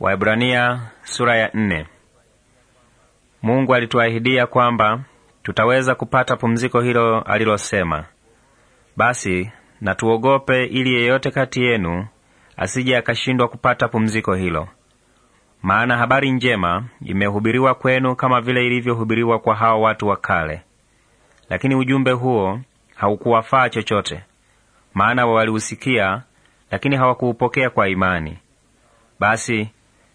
Waebrania sura ya nne. Mungu alituahidia kwamba tutaweza kupata pumziko hilo alilosema. Basi na tuogope, ili yeyote kati yenu asije akashindwa kupata pumziko hilo. Maana habari njema imehubiriwa kwenu kama vile ilivyohubiriwa kwa hao watu wa kale, lakini ujumbe huo haukuwafaa chochote, maana waliusikia, lakini hawakuupokea kwa imani. Basi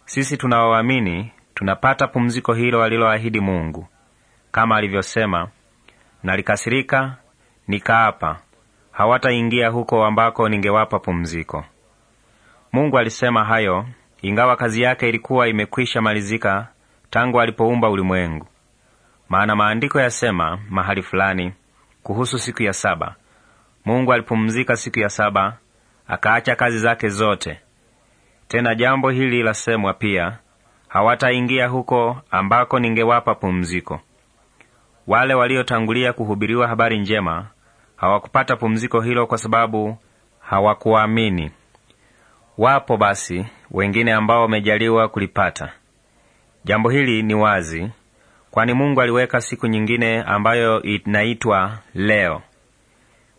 sisi tunaoamini tunapata pumziko hilo aliloahidi Mungu, kama alivyosema, nalikasirika nikaapa, hawataingia huko ambako ningewapa pumziko. Mungu alisema hayo ingawa kazi yake ilikuwa imekwisha malizika tangu alipoumba ulimwengu, maana maandiko yasema mahali fulani kuhusu siku ya saba, Mungu alipumzika siku ya saba, akaacha kazi zake zote tena jambo hili lasemwa pia, hawataingia huko ambako ningewapa pumziko. Wale waliotangulia kuhubiriwa habari njema hawakupata pumziko hilo kwa sababu hawakuamini. Wapo basi wengine ambao wamejaliwa kulipata. Jambo hili ni wazi, kwani Mungu aliweka siku nyingine ambayo inaitwa leo.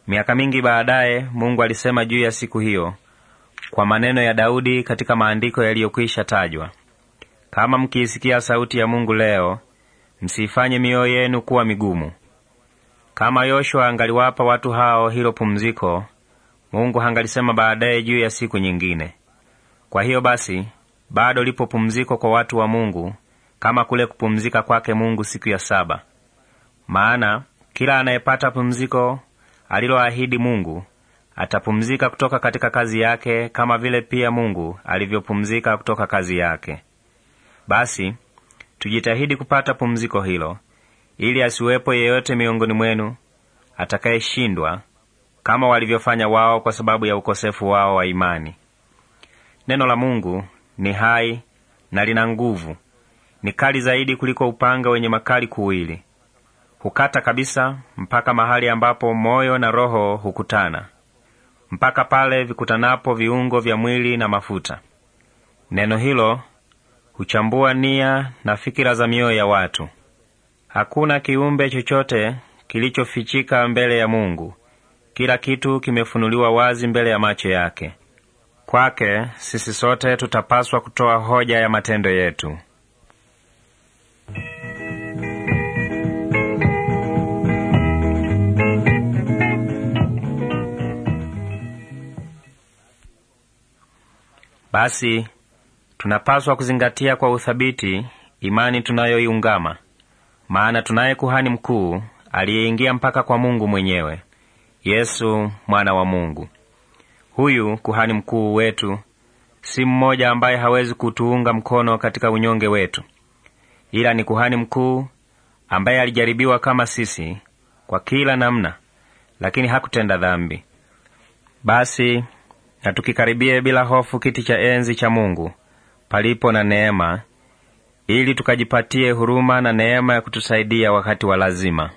Miaka mingi baadaye Mungu alisema juu ya siku hiyo kwa maneno ya Daudi katika maandiko yaliyokwisha tajwa: kama mkiisikia sauti ya Mungu leo, msiifanye mioyo yenu kuwa migumu. Kama Yoshua angaliwapa watu hao hilo pumziko, Mungu hangalisema baadaye juu ya siku nyingine. Kwa hiyo basi, bado lipo pumziko kwa watu wa Mungu, kama kule kupumzika kwake Mungu siku ya saba. Maana kila anayepata pumziko aliloahidi Mungu atapumzika kutoka katika kazi yake kama vile pia Mungu alivyopumzika kutoka kazi yake. Basi tujitahidi kupata pumziko hilo, ili asiwepo yeyote miongoni mwenu atakayeshindwa kama walivyofanya wao kwa sababu ya ukosefu wao wa imani. Neno la Mungu ni hai na lina nguvu, ni kali zaidi kuliko upanga wenye makali kuwili, hukata kabisa mpaka mahali ambapo moyo na roho hukutana mpaka pale vikutanapo viungo vya mwili na mafuta. Neno hilo huchambua nia na fikira za mioyo ya watu. Hakuna kiumbe chochote kilichofichika mbele ya Mungu. Kila kitu kimefunuliwa wazi mbele ya macho yake. Kwake sisi sote tutapaswa kutoa hoja ya matendo yetu. Basi tunapaswa kuzingatia kwa uthabiti imani tunayoiungama, maana tunaye kuhani mkuu aliyeingia mpaka kwa Mungu mwenyewe, Yesu mwana wa Mungu. Huyu kuhani mkuu wetu si mmoja ambaye hawezi kutuunga mkono katika unyonge wetu, ila ni kuhani mkuu ambaye alijaribiwa kama sisi kwa kila namna, lakini hakutenda dhambi. Basi na tukikaribie bila hofu kiti cha enzi cha Mungu palipo na neema, ili tukajipatie huruma na neema ya kutusaidia wakati wa lazima.